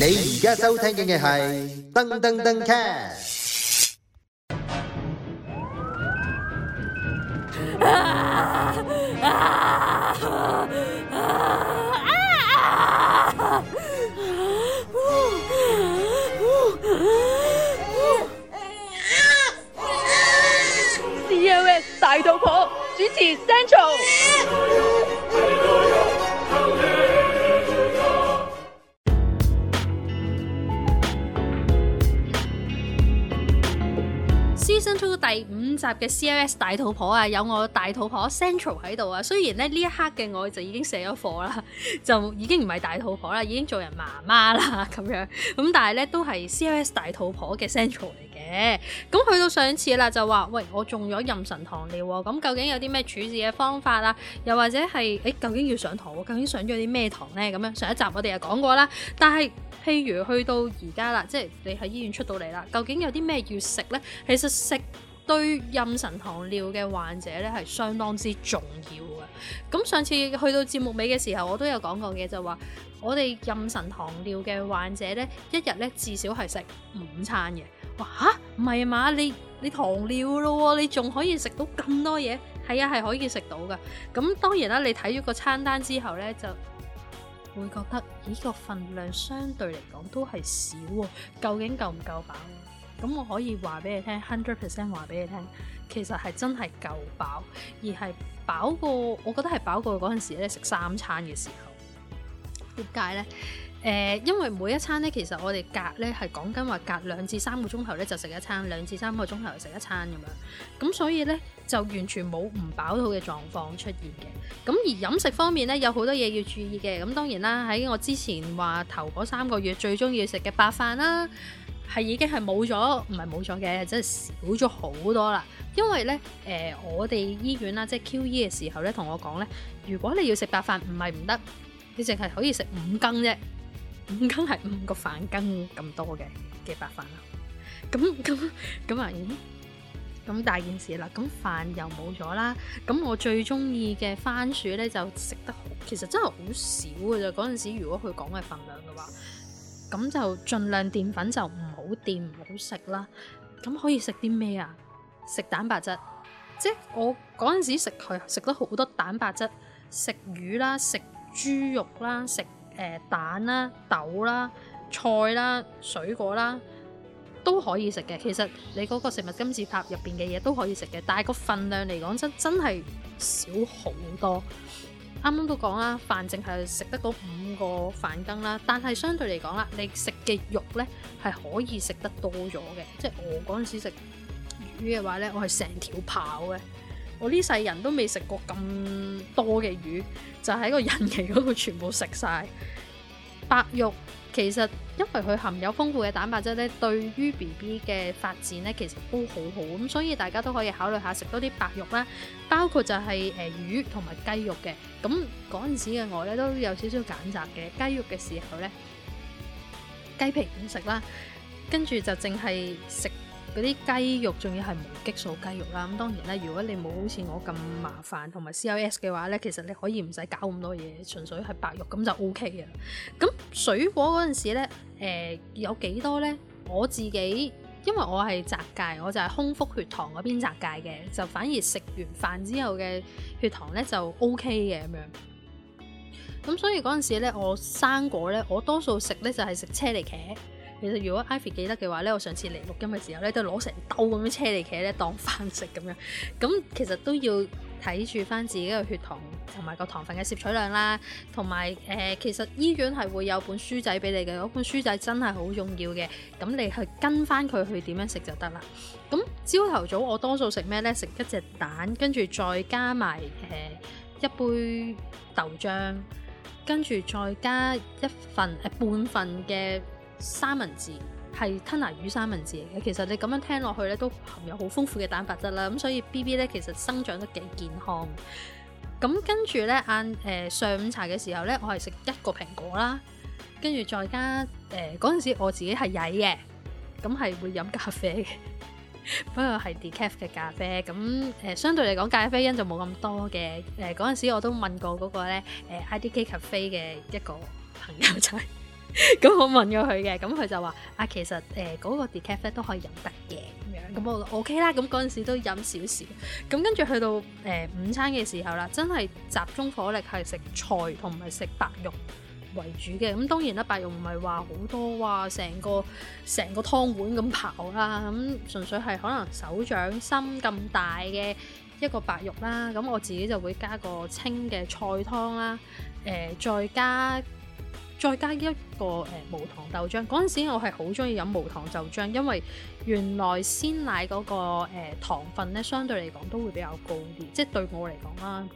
你而家收聽嘅係登登登 cat。COS 大肚婆主持 Central。第五集嘅 C L S 大肚婆啊，有我大肚婆 Central 喺度啊。雖然咧呢一刻嘅我就已經卸咗貨啦，就已經唔係大肚婆啦，已經做人媽媽啦咁樣。咁但係咧都係 C L S 大肚婆嘅 Central 嚟嘅。咁去到上次啦，就話喂我中咗妊娠糖尿喎。咁究竟有啲咩處置嘅方法啊？又或者係誒、欸、究竟要上堂？究竟上咗啲咩堂咧？咁樣，上一集我哋又講過啦，但係。譬如去到而家啦，即係你喺醫院出到嚟啦，究竟有啲咩要食呢？其實食對妊娠糖尿嘅患者咧係相當之重要嘅。咁上次去到節目尾嘅時候，我都有講過嘅，就話我哋妊娠糖尿嘅患者呢，一日呢至少係食五餐嘅。哇嚇，唔係嘛？你你糖尿咯喎，你仲可以食到咁多嘢？係啊，係可以食到嘅。咁當然啦，你睇咗個餐單之後呢，就。會覺得咦，呢個份量相對嚟講都係少喎，啊，究竟夠唔夠飽？咁我可以話俾你聽，hundred percent 話俾你聽，其實係真係夠飽，而係飽過，我覺得係飽過嗰陣時咧食三餐嘅時候，點解呢？誒，因為每一餐咧，其實我哋隔咧係講緊話隔兩至三個鐘頭咧就食一餐，兩至三個鐘頭食一餐咁樣。咁所以咧就完全冇唔飽肚嘅狀況出現嘅。咁而飲食方面咧，有好多嘢要注意嘅。咁當然啦，喺我之前話頭嗰三個月最鍾意食嘅白飯啦，係已經係冇咗，唔係冇咗嘅，真係少咗好多啦。因為咧誒、呃，我哋醫院啦，即係 Q.E. 嘅時候咧，同我講咧，如果你要食白飯，唔係唔得，你淨係可以食五羹啫。五羹係五個飯羹咁多嘅嘅白飯啦，咁咁咁啊，咁大件事啦，咁飯又冇咗啦，咁我最中意嘅番薯咧就食得好，其實真係好少嘅啫。嗰陣時如果佢講嘅份量嘅話，咁就盡量澱粉就唔好掂唔好食啦。咁可以食啲咩啊？食蛋白質，即係我嗰陣時食佢食得好多蛋白質，食魚啦，食豬肉啦，食。誒蛋啦、啊、豆啦、啊、菜啦、啊、水果啦、啊、都可以食嘅，其實你嗰個食物金字塔入邊嘅嘢都可以食嘅，但係個份量嚟講真真係少好多。啱啱都講啦，飯淨係食得到五個飯羹啦，但係相對嚟講啦，你食嘅肉呢係可以食得多咗嘅，即係我嗰陣時食魚嘅話呢，我係成條跑嘅。我呢世人都未食過咁多嘅魚，就喺個孕期嗰度全部食晒白肉。其實因為佢含有豐富嘅蛋白質咧，對於 B B 嘅發展咧，其實都好好。咁所以大家都可以考慮下食多啲白肉啦，包括就係誒魚同埋雞肉嘅。咁嗰陣時嘅我咧都有少少揀擇嘅，雞肉嘅時候咧，雞皮唔食啦，跟住就淨係食。嗰啲雞肉仲要係無激素雞肉啦，咁當然啦，如果你冇好似我咁麻煩同埋 COS 嘅話咧，其實你可以唔使搞咁多嘢，純粹係白肉咁就 OK 嘅。咁水果嗰陣時咧，誒、呃、有幾多咧？我自己因為我係擲界，我就係空腹血糖嗰邊擲界嘅，就反而食完飯之後嘅血糖咧就 OK 嘅咁樣。咁所以嗰陣時咧，我生果咧，我多數食咧就係、是、食車厘茄。其實，如果 Ivy 記得嘅話咧，我上次嚟錄音嘅時候咧，都攞成兜咁樣車厘茄咧當飯食咁樣。咁其實都要睇住翻自己嘅血糖同埋個糖分嘅攝取量啦。同埋誒，其實醫院係會有本書仔俾你嘅，嗰本書仔真係好重要嘅。咁你去跟翻佢去點樣食就得啦。咁朝頭早我多數食咩咧？食一隻蛋，跟住再加埋誒、呃、一杯豆漿，跟住再加一份誒、呃、半份嘅。三文治係吞拿魚三文治嚟嘅，其實你咁樣聽落去咧，都含有好豐富嘅蛋白質啦。咁所以 B B 咧，其實生長得幾健康。咁跟住咧，晏誒上午茶嘅時候咧，我係食一個蘋果啦，跟住再加誒嗰陣時我自己係曳嘅，咁係會飲咖啡嘅， 不過係 decaf 嘅咖啡，咁誒、呃、相對嚟講咖啡因就冇咁多嘅。誒嗰陣時我都問過嗰個咧誒、呃、I D K 咖啡嘅一個朋友仔。 咁、 嗯、我問過佢嘅，咁、嗯、佢就話啊，其實誒嗰、呃那個 decaf 咧都可以飲得嘅，咁樣，咁、嗯嗯、我 O、OK、K 啦，咁嗰陣時都飲少少，咁跟住去到誒、呃、午餐嘅時候啦，真係集中火力係食菜同埋食白肉為主嘅，咁、嗯、當然啦，白肉唔係話好多，話成個成個湯碗咁刨啦，咁、嗯、純粹係可能手掌心咁大嘅一個白肉啦，咁、啊嗯、我自己就會加個清嘅菜湯啦，誒、啊、再加。再加一個誒、呃、無糖豆漿，嗰陣時我係好中意飲無糖豆漿，因為原來鮮奶嗰、那個、呃、糖分咧，相對嚟講都會比較高啲。即係對我嚟講啦，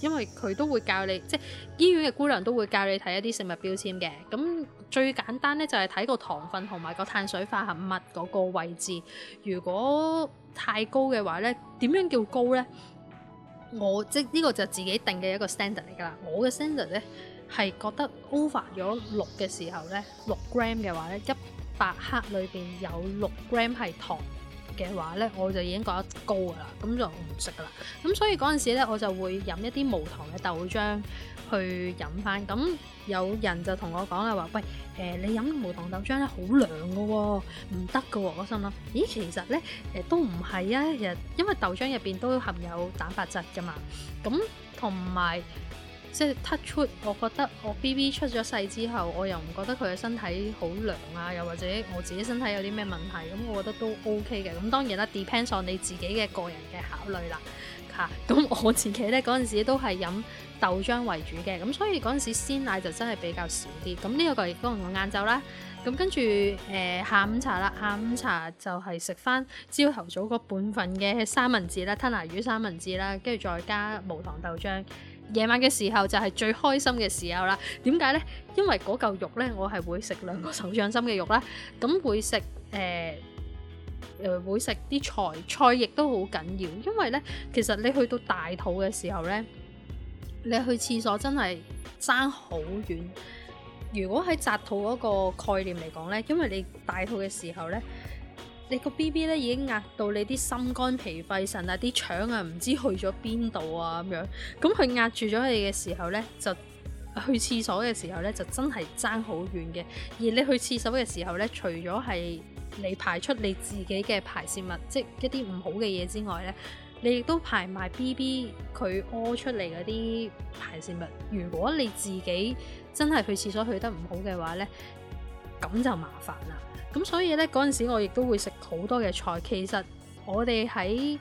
因為佢都會教你，即係醫院嘅姑娘都會教你睇一啲食物標籤嘅。咁最簡單咧就係睇個糖分同埋個碳水化合物嗰個位置，如果太高嘅話咧，點樣叫高咧？我即呢個就自己定嘅一個 standard 嚟噶啦，我嘅 standard 咧。係覺得 over 咗六嘅時候咧，六 gram 嘅話咧，一百克裏邊有六 gram 係糖嘅話咧，我就已經覺得高噶啦，咁就唔食噶啦。咁所以嗰陣時咧，我就會飲一啲無糖嘅豆漿去飲翻。咁有人就同我講啦，話喂，誒你飲無糖豆漿咧好涼噶喎，唔得噶喎。我心諗，咦，其實咧誒都唔係啊，因為豆漿入邊都含有蛋白質噶嘛，咁同埋。即係 touch 出，我覺得我 B B 出咗世之後，我又唔覺得佢嘅身體好涼啊，又或者我自己身體有啲咩問題，咁我覺得都 O K 嘅。咁當然啦，depends on 你自己嘅個人嘅考慮啦。嚇、啊，咁我自己呢，嗰陣時都係飲豆漿為主嘅，咁所以嗰陣時鮮奶就真係比較少啲。咁呢個亦都係我晏晝啦，咁跟住誒、呃、下午茶啦，下午茶就係食翻朝頭早嗰半份嘅三文治啦，吞拿魚三文治啦，跟住再加無糖豆漿。夜晚嘅時候就係最開心嘅時候啦。點解呢？因為嗰嚿肉呢，我係會食兩個手掌心嘅肉啦。咁會食誒誒會食啲菜，菜亦都好緊要。因為呢，其實你去到大肚嘅時候呢，你去廁所真係差好遠。如果喺窄肚嗰個概念嚟講呢，因為你大肚嘅時候呢。你個 B B 咧已經壓到你啲心肝脾肺腎啊，啲腸啊唔知去咗邊度啊咁樣，咁佢壓住咗你嘅時候呢，就去廁所嘅時候呢，就真係爭好遠嘅。而你去廁所嘅時候呢，除咗係你排出你自己嘅排泄物，即係一啲唔好嘅嘢之外呢，你亦都排埋 B B 佢屙出嚟嗰啲排泄物。如果你自己真係去廁所去得唔好嘅話呢，咁就麻煩啦，咁所以呢，嗰陣時我亦都會食好多嘅菜。其實我哋喺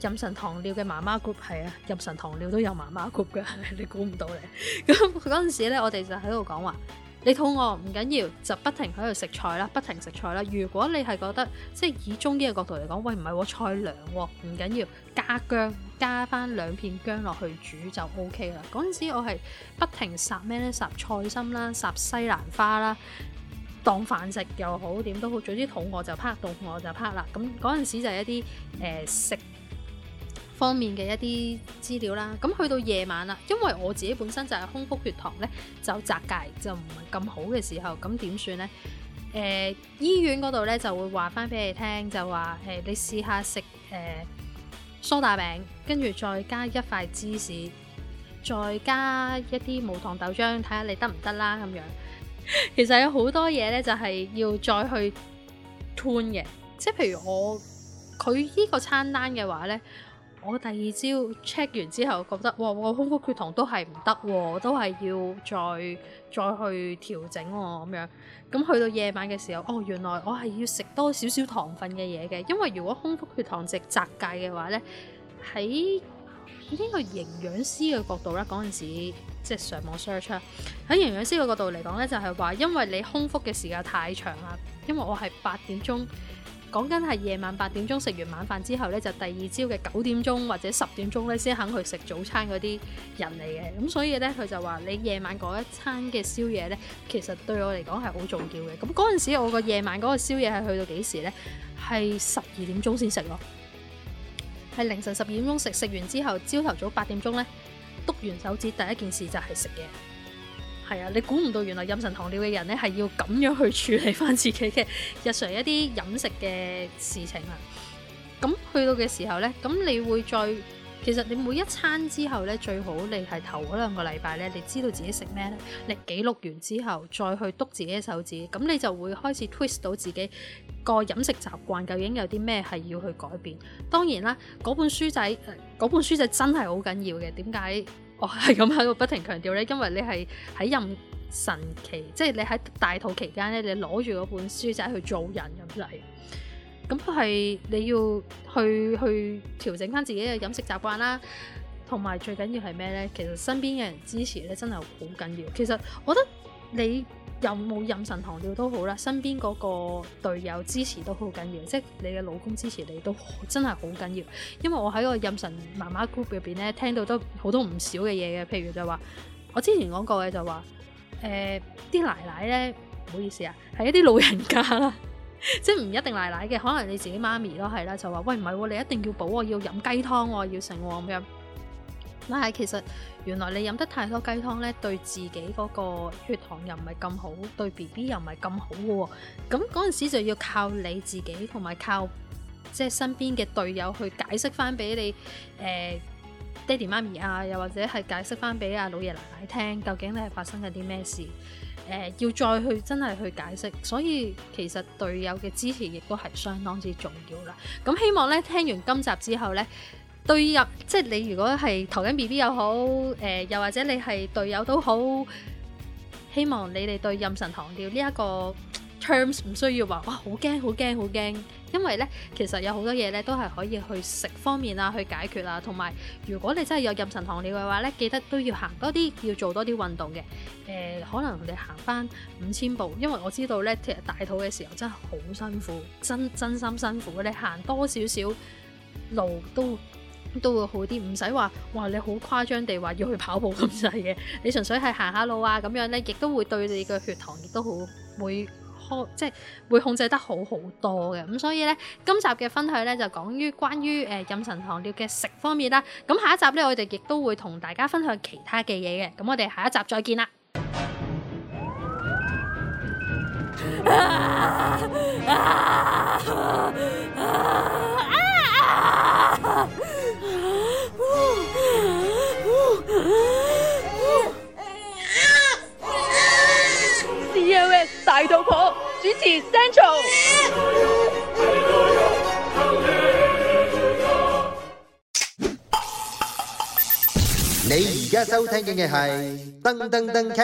妊娠糖尿嘅媽媽 group 係啊，妊娠糖尿都有媽媽 group 嘅，你估唔到咧。咁嗰陣時咧，我哋就喺度講話，你肚餓唔緊要，就不停喺度食菜啦，不停食菜啦。如果你係覺得即係以中醫嘅角度嚟講，喂唔係喎，菜涼喎，啊，唔緊要，加薑加翻兩片薑落去煮就 OK 啦。嗰陣時我係不停霎咩呢？霎菜心啦，霎西蘭花啦。當飯食又好，點都好，總之肚餓就啪，肚餓就啪啦。咁嗰陣時就係一啲誒食方面嘅一啲資料啦。咁去到夜晚啦，因為我自己本身就係空腹血糖呢就窄界，就唔係咁好嘅時候，咁點算呢？誒醫院嗰度呢就會話翻俾你聽，就話誒你試下食誒梳打餅，跟住再加一塊芝士，再加一啲無糖豆漿，睇下你得唔得啦咁樣。其實有好多嘢咧，就係要再去 tune 嘅，即係譬如我佢呢個餐單嘅話呢，我第二朝 check 完之後覺得，哇，我空腹血糖都係唔得，都係要再再去調整咁樣，咁去到夜晚嘅時候，哦，原來我係要食多少少糖分嘅嘢嘅，因為如果空腹血糖值擇計嘅話呢。喺。喺個營養師嘅角度咧，嗰陣時即係上網 search，喺營養師嘅角度嚟講咧，就係話因為你空腹嘅時間太長喇，因為我係八點鐘講緊係夜晚八點鐘食完晚飯之後咧，就第二朝嘅九點鐘或者十點鐘咧先肯去食早餐嗰啲人嚟嘅，咁所以咧佢就話你夜晚嗰一餐嘅宵夜咧，其實對我嚟講係好重要嘅。咁嗰陣時我個夜晚嗰個宵夜係去到幾時咧？係十二點鐘先食咯。係凌晨十二點鐘食，食完之後，朝頭早八點鐘呢，督完手指第一件事就係食嘢。係啊，你估唔到原來飲神糖尿嘅人呢係要咁樣去處理翻自己嘅日常一啲飲食嘅事情啊。咁去到嘅時候呢，咁你會再。其實你每一餐之後咧，最好你係頭嗰兩個禮拜咧，你知道自己食咩咧，你記錄完之後，再去篤自己嘅手指，咁你就會開始 twist 到自己個飲食習慣究竟有啲咩係要去改變。當然啦，嗰本書仔，嗰本書仔真係好緊要嘅。點解我係咁喺度不停強調咧？因為你係喺妊娠期，即係你喺大肚期間咧，你攞住嗰本書仔去做人咁就係。咁佢係你要去去調整返自己嘅飲食習慣啦，同埋最緊要係咩呢？其實身邊嘅人支持咧，真係好緊要。其實我覺得你有冇妊娠糖尿都好啦，身邊嗰個隊友支持都好緊要，即係你嘅老公支持你都真係好緊要。因為我喺個妊娠媽媽 group 入邊咧，聽到都好多唔少嘅嘢嘅，譬如就話我之前講過嘅就話，誒啲奶奶呢，唔好意思啊，係一啲老人家啦。 即係唔一定奶奶嘅，可能你自己媽咪都係啦，就話喂，唔係喎，你一定要補啊，要飲雞湯啊，要成啊咁樣。但係其實原來你飲得太多雞湯呢，對自己嗰個血糖又唔係咁好，對 B B 又唔係咁好嘅喎。咁嗰陣時就要靠你自己同埋靠即係身邊嘅隊友去解釋翻俾你誒。呃爹哋媽咪啊，又或者係解釋翻俾阿老爺奶奶聽，究竟你係發生緊啲咩事？誒、呃，要再去真係去解釋，所以其實隊友嘅支持亦都係相當之重要啦。咁、嗯、希望呢，聽完今集之後呢，對任即係你如果係投緊 BB 又好，誒、呃，又或者你係隊友都好，希望你哋對任神堂調呢一個。Terms 唔需要話哇，好驚，好驚，好驚，因為呢其實有好多嘢呢都係可以去食方面啊，去解決啊。同埋，如果你真係有妊娠糖尿嘅話呢，記得都要行多啲，要做多啲運動嘅。誒、呃，可能你行翻五千步，因為我知道呢，其實大肚嘅時候真係好辛苦，真真心辛苦，你行多少少路都都會好啲，唔使話哇，你好誇張地話要去跑步咁滯嘅，你純粹係行下路啊，咁樣呢亦都會對你嘅血糖亦都好會。即係會控制得好好多嘅，咁所以呢，今集嘅分享呢就講於關於誒，妊娠糖尿嘅食方面啦。咁下一集呢，我哋亦都會同大家分享其他嘅嘢嘅。咁我哋下一集再見啦。收聽緊嘅係噔噔噔車。